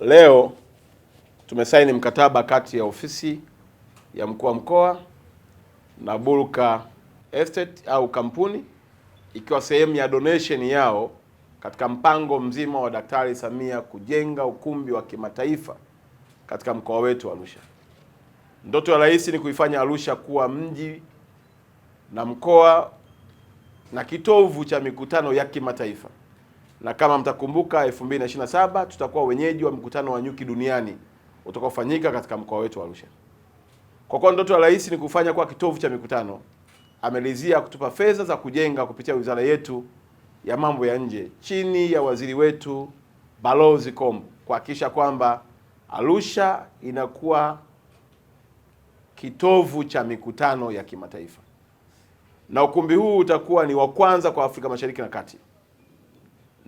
Leo tumesaini mkataba kati ya ofisi ya mkuu wa mkoa na Bulka Estate au kampuni ikiwa sehemu ya donation yao katika mpango mzima wa Daktari Samia kujenga ukumbi wa kimataifa katika mkoa wetu Arusha. Ndoto ya rais ni kuifanya Arusha kuwa mji na mkoa na kitovu cha mikutano ya kimataifa na kama mtakumbuka 2027 tutakuwa wenyeji wa mkutano wa nyuki duniani utakaofanyika katika mkoa wetu wa Arusha. Kwa kuwa ndoto ya rais ni kufanya kuwa kitovu cha mikutano, amelizia kutupa fedha za kujenga kupitia wizara yetu ya mambo ya nje chini ya waziri wetu Balozi Kombo kuhakikisha kwamba Arusha inakuwa kitovu cha mikutano ya kimataifa, na ukumbi huu utakuwa ni wa kwanza kwa Afrika Mashariki na Kati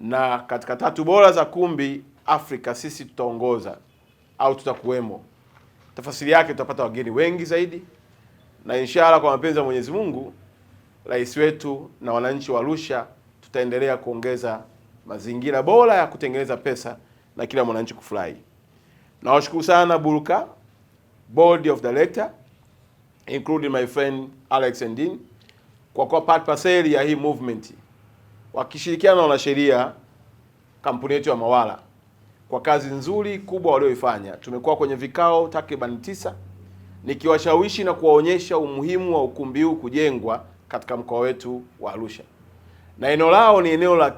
na katika tatu bora za kumbi Afrika sisi tutaongoza au tutakuwemo. Tafasiri yake tutapata wageni wengi zaidi, na inshallah kwa mapenzi ya Mwenyezi Mungu, rais wetu na wananchi wa Arusha tutaendelea kuongeza mazingira bora ya kutengeneza pesa na kila mwananchi kufurahi. Nawashukuru sana Burka Board of Director including my friend Alex Ndin kwa kuwa part parcel ya hii movement wakishirikiana na wanasheria kampuni yetu ya Mawala kwa kazi nzuri kubwa walioifanya. Tumekuwa kwenye vikao takriban tisa nikiwashawishi na kuwaonyesha umuhimu wa ukumbi huu kujengwa katika mkoa wetu wa Arusha, na eneo lao ni eneo la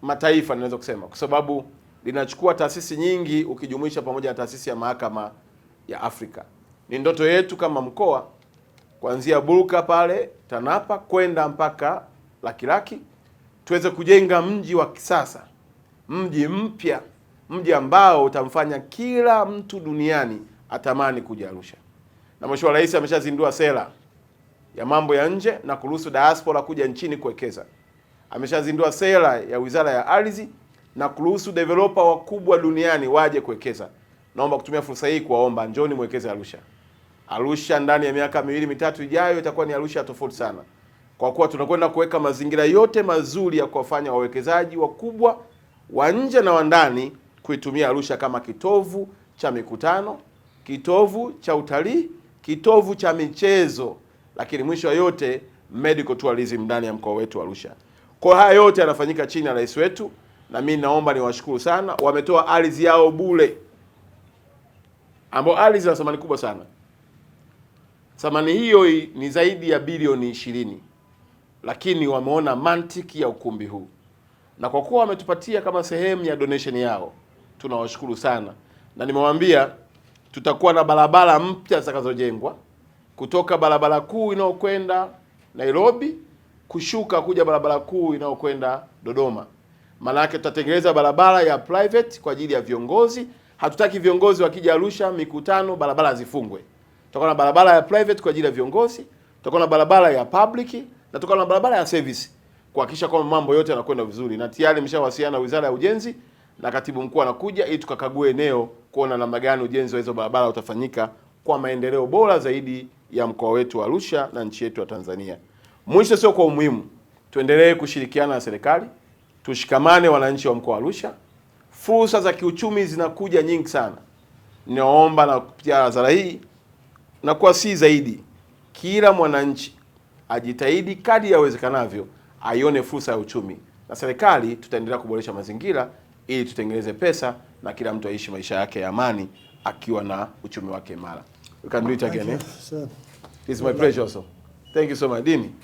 kimataifa ninaweza kusema, kwa sababu linachukua taasisi nyingi ukijumuisha pamoja na taasisi ya mahakama ya Afrika. Ni ndoto yetu kama mkoa kuanzia Bulka pale Tanapa kwenda mpaka Lakilaki, tuweze kujenga mji wa kisasa, mji mpya, mji ambao utamfanya kila mtu duniani atamani kuja Arusha. Na Mheshimiwa Rais ameshazindua sera ya mambo ya nje na kuruhusu diaspora kuja nchini kuwekeza. Ameshazindua sera ya Wizara ya Ardhi na kuruhusu developer wakubwa duniani waje kuwekeza. Naomba kutumia fursa hii kuwaomba, njoni mwekeze Arusha. Arusha ndani ya miaka miwili mitatu ijayo itakuwa ni Arusha tofauti sana, kwa kuwa tunakwenda kuweka mazingira yote mazuri ya kuwafanya wawekezaji wakubwa wa nje na wa ndani kuitumia Arusha kama kitovu cha mikutano, kitovu cha utalii, kitovu cha michezo, lakini mwisho wa yote medical tourism ndani ya mkoa wetu Arusha. Kwa haya yote yanafanyika chini ya rais wetu, na mimi naomba niwashukuru sana, wametoa ardhi yao bure, ambao ardhi ina thamani kubwa sana. Thamani hiyo ni zaidi ya bilioni ishirini, lakini wameona mantiki ya ukumbi huu na kwa kuwa wametupatia kama sehemu ya donation yao, tunawashukuru sana, na nimewaambia tutakuwa na barabara mpya zitakazojengwa kutoka barabara kuu inayokwenda Nairobi kushuka kuja barabara kuu inayokwenda Dodoma. Maana yake tutatengeneza barabara ya private kwa ajili ya viongozi. Hatutaki viongozi wakija Arusha mikutano, barabara zifungwe tutakuwa na barabara ya private kwa ajili ya viongozi, tutakuwa na barabara ya public na tutakuwa na barabara ya service kuhakikisha kwamba mambo yote yanakwenda vizuri, na tayari nimeshawasiliana na Wizara ya Ujenzi na katibu mkuu anakuja ili tukakague eneo kuona namna gani ujenzi wa hizo barabara utafanyika kwa maendeleo bora zaidi ya mkoa wetu wa Arusha na nchi yetu ya Tanzania. Mwisho sio kwa umuhimu, tuendelee kushirikiana na serikali, tushikamane wananchi wa mkoa wa Arusha. Fursa za kiuchumi zinakuja nyingi sana, ninaomba na kupitia hadhara hii na kwa si zaidi, kila mwananchi ajitahidi kadri yawezekanavyo aione fursa ya uchumi, na serikali tutaendelea kuboresha mazingira ili tutengeneze pesa na kila mtu aishi maisha yake ya amani akiwa na uchumi wake imara. We can do it again. Eh? It's my pleasure. thank you so much Dini.